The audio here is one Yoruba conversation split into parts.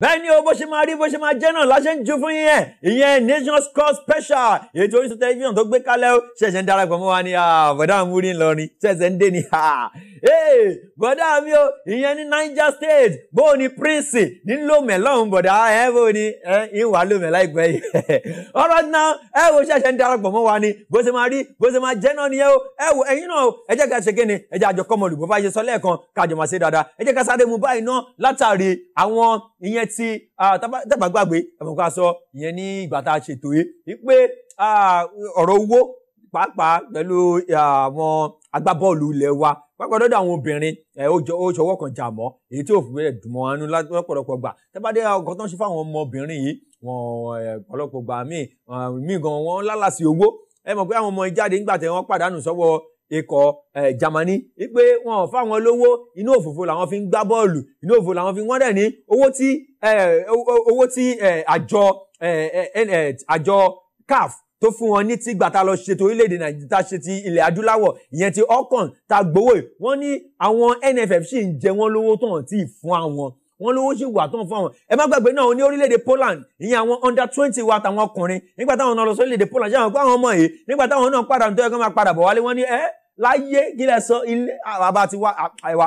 bẹ́ẹ̀ ni o bó ṣe máa rí bó ṣe máa jẹ́ náà láṣẹ ń ju fún yín ìyẹn Nation's Cup special ètò Orísun tẹlifíṣàn tó gbé kalẹ̀ ó ṣẹ̀ṣẹ̀ ń darapọ̀ mọ́ wa ni bọ̀dá mi rí ńlọrin ṣẹ̀ṣẹ̀ ń dé ni bọ̀dá mi o ìyẹn ní Niger State bó ni Prince ní lomẹ lọ́hùn bọ̀dá ẹ bó ni ìwà lomẹ láìpẹ́ yìí ọ̀rọ̀ náà ẹ wo ṣẹ̀ṣẹ̀ ń darapọ̀ mọ́ wa ni bó ṣe máa rí bó ṣe máa jẹ́ náà nìyẹn o ẹ wo ẹ̀yin náà ẹ jẹ́ ká ṣe kéne ẹ jẹ́ àjọkọ́ mọ̀lùbọ́ bá ṣe sọ lẹ́ẹ̀kan ká jọ máa ṣe dáadáa ẹ jẹ́ ká sáré mu báyìí náà látàrí àwọn ìyẹn tí tẹ́gbà gbàgbé ẹ̀fọ̀ká ìyẹn ní ìgbà tá a ṣètò yìí wípé ọ̀rọ̀ owó pàápàá pẹ̀lú àwọn agbábọ́ọ̀lù ilẹ̀ wa pàápàá lọ́dọ̀ àwọn obìnrin ó ṣọwọ́ kan jà mọ́ èyí tí òfin rẹ̀ dùn mọ́ wọn lọ́pọ̀lọpọ̀ gbà tẹ́bàdé ọkọ̀ tó ń ṣe fáwọn ọmọbìnrin yìí wọn ọ̀pọ̀lọpọ̀ gbà míì míì gan wọn lálàsì owó ẹ mọ̀ pé àwọn ọmọ ìjáde nígbà tí wọ́n pàdánù sọ́wọ́ ikọ̀ ẹ̀ eh, Germany wípé wọn ò fáwọn lówó inú òfòfò làwọn fi ń gbá bọ́ọ̀lù inú òfòfò làwọn fi ń wọ́n dẹ̀ ní owó tí eh, owó tí eh, àjọ àjọ CAF tó fún wọn ní tí gbàtà lọ ṣètò orílẹ̀-èdè nàìjíríà ṣe ti ilẹ̀ adúláwọ̀ ìyẹn ti ọkàn tá gbowó ẹ̀ ní àwọn NFF sì ń jẹ wọ́n lówó tán tí ì fún àwọn wọ́n lówó sì wà tán fún àwọn ẹ má gbàgbé náà ní orílẹ̀-èdè Poland ìyẹn àwọn under twenty wa tàwọn ọkùnrin nígbà táwọn náà lọ sí orílẹ̀-èdè Poland ṣé àwọn kó àwọn ọmọ yìí nígbà táwọn náà padà tó yẹ kó máa padà bọ̀ wálé wọ́n ní ẹ láyé kílẹ̀ sọ ilé àbá ti wá àìwá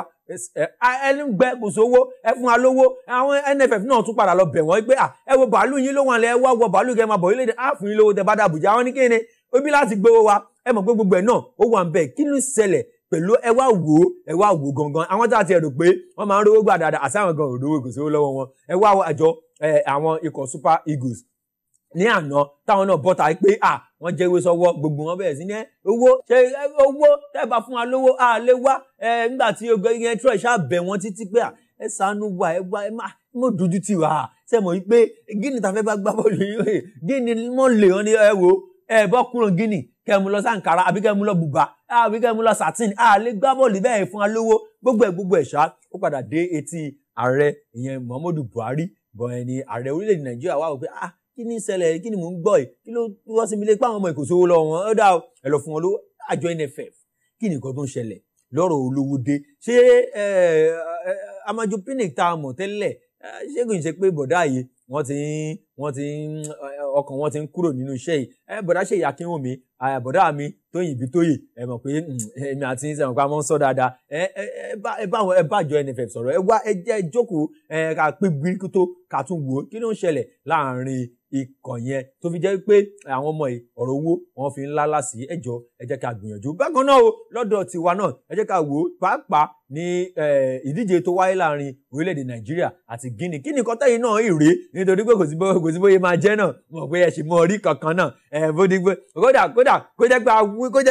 ẹni gbẹ kò sówó ẹ fún wa lówó àwọn NFF náà tún padà lọ bẹ̀ wọ́n pé ẹ wo bàálù yín lówó àlẹ́ ẹ wá wọ bàálù kẹ́ máa bọ̀ yín léde á fún yín lówó tẹ bá dà Àbújá wọn ní kéde obi láti gbowó wa ẹ mọ̀ pé gbogbo ẹ̀ náà ó wà ń bẹ̀ kí ló ṣẹlẹ̀ pẹ̀lú ẹ wá wò ó ẹ wá wò gangan àwọn tá a ti rò pé wọ́n máa ń rówó gbà dáadáa àti àwọn gan òdòwò kò sówó lọ́wọ́ wọn ẹ wá àjọ àwọn ikọ̀ Super Eagles ní àná táwọn náà bọ́ta pé à wọ́n jẹ́ ewé sọ́wọ́ gbogbo wọn bẹ̀rẹ̀ sí ní owó ṣe owó tẹ́ẹ̀bà fún wa lówó à lè wá nígbà tí yẹn tí wọ́n ṣáà bẹ̀ wọ́n títí pé à ẹ ṣàánú wa ẹ wá ẹ má mo dojú ti wà á ṣe mọ̀ wípé gíní ta fẹ́ bá gbá bọ́ọ̀lù yìí gíní mọ̀ lè wọn ní ẹ wo ẹ bọ́ kúrò gíní kẹ́ mu lọ sànkárá àbí kẹ́ mu lọ bùbá àbí kẹ́ mu lọ sàtìn à lè gbá bọ́ọ̀lù bẹ́ẹ̀ fún wa lówó gbogbo ẹ̀ gbogbo ẹ̀ ṣá ó padà dé etí ààrẹ ah kí ni ṣẹlẹ̀ kí ni mò ń gbọ́ yìí kí ló wọ́n sinmi lé páwọn ọmọ ìkòsówó lọ wọn ọ̀dà ẹ̀ lọ fún wọn lówó àjọ NFF kí ni nǹkan tó ń ṣẹlẹ̀ lọ́rọ̀ Olówódé ṣé Amaju Pinnick tá a mọ̀ tẹ́lẹ̀ ṣé kò ń ṣe pé bọ̀dá yìí wọ́n ti ń wọ́n ti ń ọkàn wọn ti ń kúrò nínú iṣẹ́ yìí bọ̀dá ṣe ìyá kí wọ́n mi bọ̀dá mi Tóyìn Ìbítóyè ẹ mọ̀ pé mm, èmi àti ṣe nǹkan mọ́ ń sọ dáadáa ẹ ẹ bá ẹ bá àjọ NFF sọ̀rọ̀ ẹ wá ẹ jẹ́ jókòó ẹ ká pé gbírí tó ká tún wò ó kí ló ń ṣẹlẹ̀ láàárín ikọ̀ yẹn tó fi jẹ́ pé àwọn ọmọ yìí ọ̀rọ̀ owó wọn fi ń lálá sí ẹjọ́ ẹ jẹ́ ká gbìyànjú bákan náà o lọ́dọ̀ tiwa náà ẹ jẹ́ ká wò ó pàápàá ní ìdíje tó wáyé láàrin orílẹ̀-èdè nàìjíríà àti guinea kí ni nǹkan tẹ́yìn náà ìrè nítorí pé kò sí bóyá kò sí bóyá máa jẹ́ náà mọ̀ pé ẹ ṣì mọ orí kankan náà ẹ bó digbó kódà kódà kó jẹ́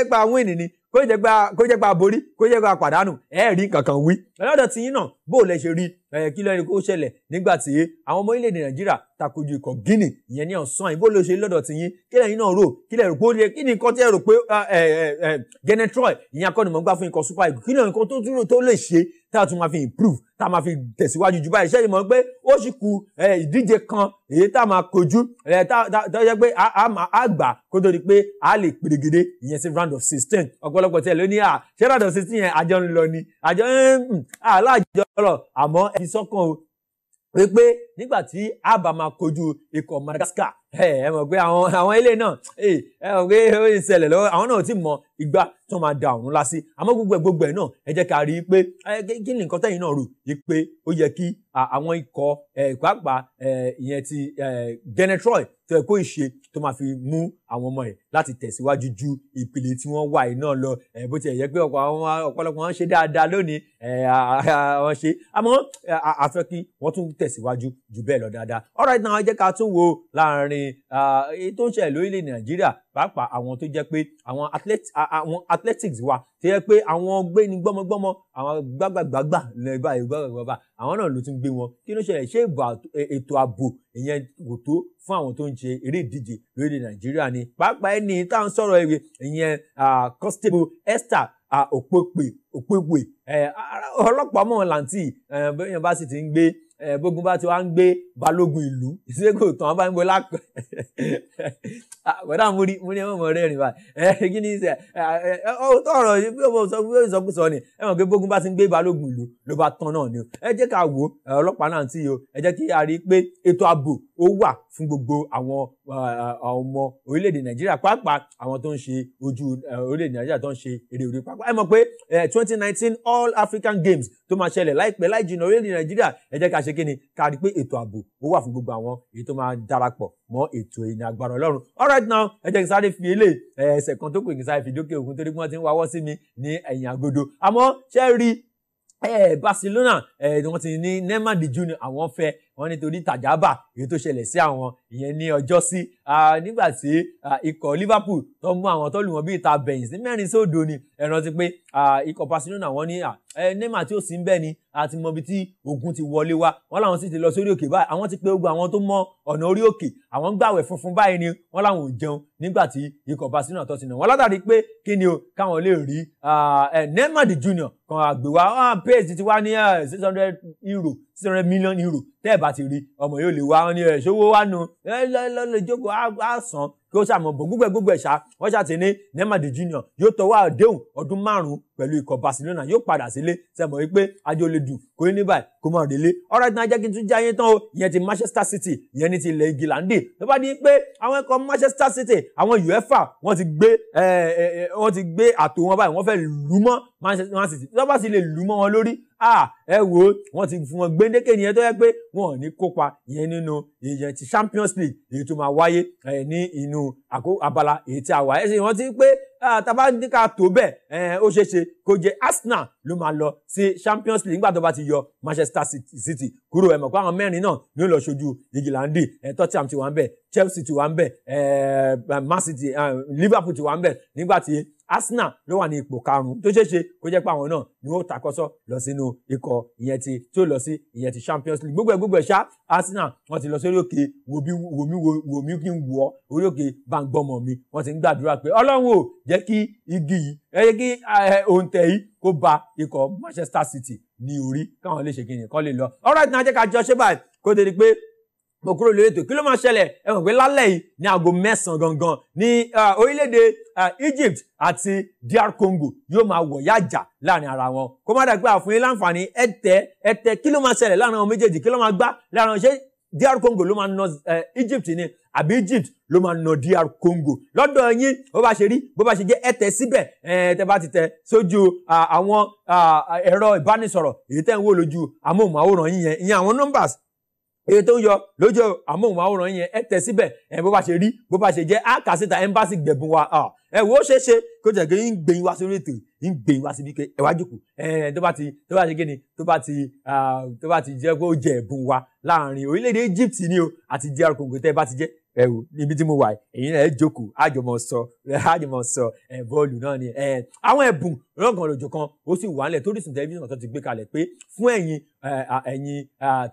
pé àwọn ènìyàn kó jẹ́ pé kó jẹ́ pé a borí kó jẹ́ pé a pàdánù ẹ rí nǹkan kan wí. ọlọ́dọ̀ tí yín náà bó o lẹ ṣe rí kí ló ẹni kó ṣẹlẹ̀ nígbà tí àwọn ọmọ orílẹ̀-èdè nàìjíríà takojú ikọ̀ guinea ìyẹn ní ọ̀sán yìí bó ló ṣe lọ́dọ̀ tí yín kí lẹ́yìn náà rò kí lẹ́yìn rò lè kí ni nǹkan tí ẹ rò pé Genetroy ìyẹn akọ́nimọ̀ọ́gbá fún ikọ̀ super eagles kí lẹ́yìn nǹkan tó lè ṣe tá a tún máa fi improve tá a máa fi tẹ̀síwájú jù báyìí ṣẹ́yìn mọ̀ pé ó sì ku ìdíje kan èyí tá a máa kojú tó yẹ pé a gbà kó tó di pé a lè pèrègede ìyẹn sí round of sixteen ọ̀pọ̀lọpọ̀ tí ẹ ló ní à ṣé round of sixteen yẹn àjọ ń lọ ni àjọ ń àlájọ lọ àmọ́ ẹ fi sọ́kàn o pé nígbà tí a bá máa kojú ikọ̀ Madagascar ẹ mọ̀ pé àwọn àwọn ilé náà ẹ mọ̀ pé ó ń ṣẹlẹ̀ lọ́wọ́ àwọn náà ti mọ ìgbà tó máa da ọ̀run lásì àmọ́ gbogbo ẹ̀ gbogbo ẹ̀ náà ẹ jẹ́ ká rí i pé kí ni nǹkan tẹ̀yìn náà rò yí pé ó yẹ kí àwọn ikọ̀ ìpápá ìyẹn ti Genetroy tó ẹ̀kọ́ ìṣe tó máa fi mú àwọn ọmọ ẹ̀ láti tẹ̀síwájú ju ìpele tí wọ́n wà iná lọ bó tiẹ̀ yẹ pé ọ̀pọ̀lọpọ̀ wọn ṣe dáadáa lónìí àwọn ṣe àmọ́ àfẹ́ kí wọ́n tún tẹ̀síwájú jù bẹ́ẹ̀ lọ dáadáa all right now ẹ jẹ́ ká tún wo láàrin èyí tó ń ṣẹlẹ̀ lórílẹ̀ nàìjíríà pàápàá àwọn tó jẹ́ pé àwọn athletics wa tó jẹ́ pé àwọn gbéni gbọ́mọgbọ́mọ àwọn gbàgbàgbàgbà lẹ́gbà ìgbàgbàgbà àwọn náà ló ti ń gbé wọn kí ló ṣẹlẹ̀ ṣé e, ètò ààbò ìyẹn kò tó fún àwọn tó ń ṣe eré ìdíje lórílẹ̀ nàìjíríà ni pàápàá ẹni tá à ń sọ̀rọ̀ ẹ̀rẹ̀ ìyẹn constable Esther òpèpè òpèpè ọlọ́pàá mọ̀ làǹtì bẹ́ẹ̀ yẹn bá sì ti ń gbé bógun bá ti wá ń gbé balógun ìlú ṣé kò tán bá ń gbé lápẹ ah, bọ̀dá múri múri ẹ mọ̀mọ́ rẹ́rìn bá ẹ kí ni ṣe ẹ ọ̀rọ̀ bí ọmọ ìsọkúsọ ni ẹ mọ̀ pé bógun bá ti ń gbé balógun ìlú ló bá tán náà ni o ẹ jẹ́ ká wò ọlọ́pàá náà ti yìí o ẹ jẹ́ kí a rí i pé ètò ààbò ó wà fún gbogbo àwọn uh, uh, ọmọ orílẹ̀-èdè nàìjíríà pàápàá àwọn tó ń ṣe ojú uh, orílẹ̀-èdè nàìjíríà tó ń ṣe eré orí pápá ẹ mọ̀ pé twenty nineteen all african games tó máa ṣẹlẹ̀ láìpẹ́ láì jìnnà orílẹ̀-èdè nàìjíríà ẹ jẹ́ ká ṣe kí ni ká rí i pé ètò ààbò ó wà fún gbogbo àwọn èyí tó máa darapọ̀ mọ́ ètò ìní agbára ọlọ́run all right now ẹ jẹ́ kí sáré fi elé ẹsẹ̀ kan tó kù kí sáré fi dókè òkun torí wọ́n ti ń wáwọ́ sí mi ní ẹ̀yìn àgodo àmọ́ ṣẹ́ rí Barcelona wọ́n ti ní Neymar de Junior àwọn fẹ́ wọ́n nítorí tàjábà èyí tó ṣẹlẹ̀ sí àwọn ìyẹn ní ọjọ́sí nígbà tí ikọ̀ Liverpool tó mú àwọn tó lù wọ́n bíi ta bẹ̀yìn sí mẹ́rin sódò ni ẹ rántí pé ikọ̀ Barcelona wọ́n ní Neymar tí ó sì ń bẹ̀ ni àti mọ̀bi tí ogun ti wọlé wá wọ́n làwọn sì ti lọ sórí òkè báyìí àwọn ti pé ogun àwọn tó mọ ọ̀nà orí òkè àwọn ń gbàwẹ̀ funfun báyìí ni wọ́n làwọn ò jẹun nígbà tí ikọ̀ Barcelona tó ti nà wọ́n látàrí pé kí ni o káwọn lè rí Neymar Junior kan àgbèwá pace ti wá ní six hundred euro six hundred million euro tẹ́ẹ̀ bá ti rí ọmọ yóò lè wá wọn ní ẹ̀ ṣówó wá nu lọ́lọ́ jókòó á sàn kí ó ṣàmọ̀ bò gbogbo ẹ̀ gbogbo ẹ̀ ṣá wọ́n ṣàti ní Neymar Junior yóò tọwọ́ àdéhùn ọdún márùn-ún pẹ̀lú ikọ̀ Barcelona yóò padà sílé sẹ́mọ̀ wípé ajé olè dùn kò ní báyìí kò mọ̀ délé ọ̀rọ̀ ìtàn ajẹ́ tún jẹ́ ayé o ìyẹn ti Manchester City ìyẹn ní ti ilẹ̀ Ingilandi tó bá di pé àwọn ikọ̀ Manchester City àwọn UEFA wọ́n ti gbé wọ́n ti gbé àtò wọn báyìí wọ́n fẹ́ lù mọ́ Manchester City tó bá sì lè lù mọ́ wọn lórí abala èyí tí a wà ẹ sì rántí pé tàbá ní ká tó bẹ́ẹ̀ ó ṣeé kó jẹ́ Arsenal ló máa lọ sí Champions League nígbà tó bá ti yọ Manchester City kúrò ẹ mọ̀ pé àwọn mẹ́rin náà ni ó lọ ṣojú ìgìláńdì Tottenham ti wà ń bẹ̀ Chelsea ti wà ń bẹ̀ Man City Liverpool ti wà ń bẹ̀ nígbà Arsenal ló wà ní ipò karùn-ún tó ṣeé ṣe kó jẹ́ pé àwọn náà ni wọ́n takọ́sọ́ lọ sínú ikọ̀ ìyẹn ti tí lọ sí ìyẹn ti Champions League gbogbo ẹ̀ gbogbo ẹ̀ ṣá Arsenal wọ́n ti lọ sí orí òkè wòmí wòmí kí n wọ̀ orí òkè bàǹgbọ̀mọ̀ mi wọ́n ti ń gbàdúrà pé Ọlọ́run ò jẹ́ kí igi yìí ẹ jẹ́ kí òǹtẹ̀ yìí kó ba ikọ̀ Manchester City ní orí káwọn lè ṣe kí nìkan lè lọ all right now jọ ṣé báyìí kó mo kúrò lórí ètò kí ló máa ṣẹlẹ̀ ẹ mọ̀ pé lálẹ́ yìí ní aago mẹ́sàn-án gangan ní orílẹ̀-èdè Egypt àti DR Congo yóò máa wọ̀yá jà láàrin ara wọn kó má dàgbà àfúnyín láǹfààní ẹ tẹ ẹ tẹ kí ló máa ṣẹlẹ̀ láàrin àwọn méjèèjì kí ló máa gbá láàrin ṣé DR Congo ló máa na Egypt ni àbí Egypt ló máa na DR Congo lọ́dọ̀ yín bó bá ṣe rí bó bá ṣe jẹ́ ẹ tẹ síbẹ̀ ẹ tẹ bá ti tẹ sójú àwọn ẹ̀rọ ìbánisọ̀rọ̀ èyí tẹ́ iye tó ń yọ lójú àmóhùnmáwòrán yẹn ẹ tẹ síbẹ̀ ẹ bó bá ṣe rí bó bá ṣe jẹ́ á kà síta ẹmbásì gbẹ̀bùn wa ẹ wo ṣe ṣe kó jẹ́ pé ń gbẹ̀yìn wá sórí ètò ń gbẹ̀yìn wá síbi pé ẹ wá jòkó ẹ tó bá ti tó bá ṣe kí ni tó bá ti tó bá ti jẹ́ pé ó jẹ ẹ̀bùn wa láàrin orílẹ̀-èdè Egypt ni o àti DR Congo tẹ́ ẹ bá ti jẹ́ ẹ wò níbi tí mo wà ẹ̀yin náà ẹ jókòó àjọmọ̀ sọ àjọmọ̀ sọ ẹ bọ́ọ̀lù náà ni ẹ àwọn ẹ̀bùn lọ́gàn lọ́jọ́ kan ó sì wà nílẹ̀ torísun tẹlifíṣàn tó ti gbé kalẹ̀ pé fún ẹ̀yin ẹ̀yin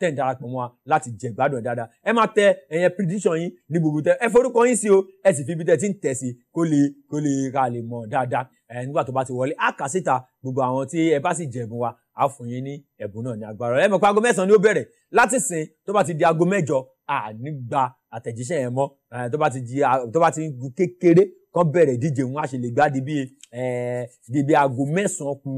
tẹ̀ ń darapọ̀ mọ́ wa láti jẹ gbádùn dáadáa ẹ máa tẹ ẹ̀yẹn prediction yín ní gbogbo tẹ ẹ forúkọ yín sí o ẹ sì fi ibi tẹ ti ń tẹ̀ sí kó lè kó lè ká lè mọ̀ dáadáa nígbà tó bá ti wọlé àkà síta gbogbo àwọn tí ẹ bá sì jẹ̀bùn wa á fún yín ní ẹ̀bùn náà ní agbára ẹ mọ̀ pé aago mẹ́sàn-án ni ó bẹ̀rẹ̀ láti sìn tó bá ti di aago mẹ́jọ ànígbà àtẹ̀jíṣẹ́ yẹn mọ́ tó bá ti di tó bá ti ń gun kékeré kán bẹ̀rẹ̀ ìdíje wọn á ṣe lè gbádìí bíi bíi aago mẹ́sàn-án kù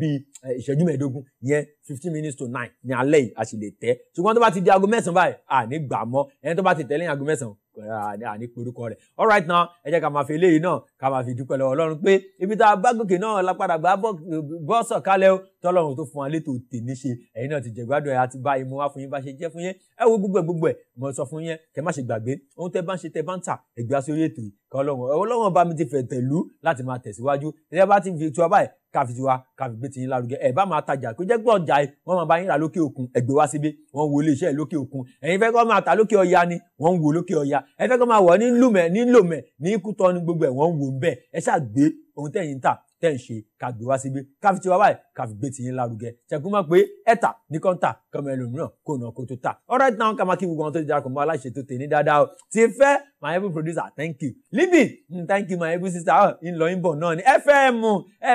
bíi ìṣẹ́jú mẹ́ẹ̀ẹ́dógún yẹn fifteen minutes to nine ní alẹ́ yìí a sì lè tẹ́ ṣùgbọ́n tó bá ti di aago mẹ́sàn-án báyìí à ní gbà mọ́ ẹni tó bá ti tẹ̀lé aago mẹ́sàn-án àní ah, porúkọ rẹ̀ alright now ẹ jẹ́ ká máa fi eléyìí náà ká máa fi dúpẹ́ lọ́wọ́ ọlọ́run pé ibi tá a bá gòkè náà lápadà gbá bọ́ sọ̀kalẹ̀ o tọ́lọ́run tó fún wa létò tèmi ṣe ẹ̀yin náà ti jẹ gbádùn ẹ̀ àti bá imú wa fún yín bá ṣe jẹ́ fún yín ẹ wo gbogbo ẹ̀ gbogbo ẹ̀ mo sọ fún yín kẹ́ má ṣe gbàgbé ohun tẹ́ bá ń ṣe tẹ́ bá ń tà ẹ̀gbá sórí ètò yìí kọ́ ọlọ́run ọlọ́run bá mi ti fẹ̀ tẹ̀lú láti máa tẹ̀síwájú ẹ̀ bá ti fi tu ọba ẹ̀ káfi tiwa káfi gbé tiyín lárugẹ ẹ bá máa tajà kó jẹ́ gbọ́ ọjà ẹ wọ́n máa bá yín ra lókè òkun ẹgbẹ́ wá síbí wọ́n wo ilé iṣẹ́ lókè òkun ẹ̀yin fẹ́ kọ́ máa ta lókè ọya ni wọ́n ń wo lókè ọya ẹ fẹ́ kó máa wọ̀ ní lùmẹ̀ ní lòmẹ̀ ní kútọ́ ní gbogbo ẹ̀ wọ́n ń wò ń bẹ́ẹ̀ ẹ ṣáà gbé ohun tẹ̀yìn ta tẹ̀ ń ṣe ká gbé wá síbí ká fi tiwa báyìí ká fi gbé tìyín lárugẹ ṣẹgun pé ẹta nìkan ta kọmọ ẹlòmíràn kò nà kó tó ta alright now ká máa kí gbogbo àwọn tó ti darapọ̀ mọ́ aláṣẹ tó tè ní dáadáa o ti fẹ́ my able producer thank you Libi, mm, thank you my able sister ọ ah, ń lọ ń náà ni fm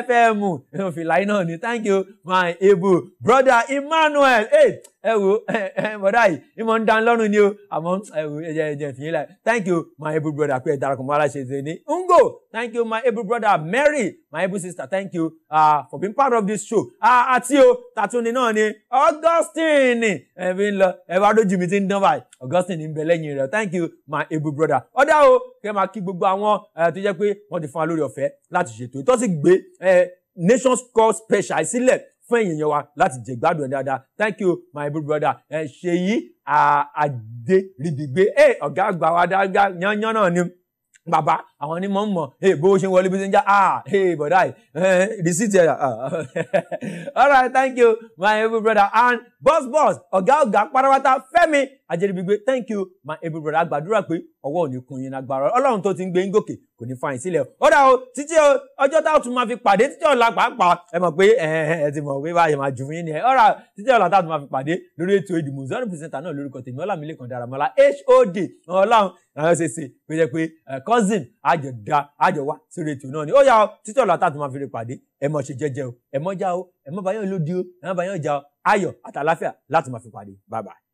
fm fìlàyé náà ni thank you my able brother emmanuel hey, ẹ wo bọ̀dá yìí ni mo ń dan lọ́rùn ni o àmọ́ ẹ wo ẹ jẹ ẹ jẹ fìyín láì thank you my able brother pé ẹ darapọ̀ mọ́ aláṣẹ tó ní ngo thank you my able brother mary my able sister thank you you uh, for being part of this show. Ah, àti o tàtúni náà ni Augustine ẹ fi ń lọ ẹ bá dójú mi ti ń dán báyìí Augustine ń bẹ lẹ́yìn rẹ̀ thank you my able brother. ọ̀dà o kẹ́ máa kí gbogbo àwọn tó jẹ́ pé wọ́n ti fún wa lórí ọ̀fẹ́ láti ṣètò tó sì gbé Nations Cup special sílẹ̀ fún ẹ̀yin èèyàn wa láti jẹ gbádùn ẹ̀ dáadáa thank you my able brother ẹ ṣèyí àdé rìdìgbé ẹ ọ̀gá àgbà wa dáadáa yányán náà ni bàbá àwọn onímọ̀ ń mọ̀ ẹ bó ṣe ń wọlé bí ṣe ń já ah ẹ bọ̀dá ẹ rìsíìtì ẹ all right thank you my able brother and boss boss ọ̀gá ọ̀gá pátápátá Fẹ́mi Ajẹ́rìbígbé thank you my able brother agbàdúrà pé ọwọ́ ò ní kun yín lágbára Ọlọ́run tó ti ń gbé yín gòkè kò ní fa yín sílẹ̀ ó dà o títí ọjọ́ táwọn tún máa fi pàdé títí ọ̀la pàápàá ẹ mọ̀ pé ẹ ti mọ̀ pé báyìí máa jù fún yín ni ẹ ọ̀rà títí ọ̀la táwọn tún máa fi pàdé lórí ètò ìdìbò zero percent náà lórúkọ tèmi Ọlámilékan Dáramọ́lá HOD Ọlọ́run àwọn ṣèṣe pé jẹ́ pé cousin àjọ da àjọ wá sí rétò náà ni ó yà ó títí ọ̀la tá a tún máa fi rè pàdé ẹ mọ̀ ṣe jẹ́jẹ́ o ẹ mọ̀ já o ẹ mọ̀ báyọ̀ lódì o ẹ mọ̀ báyọ̀ já o ayọ̀ àtàláfíà láti máa fi pàdé bye bye.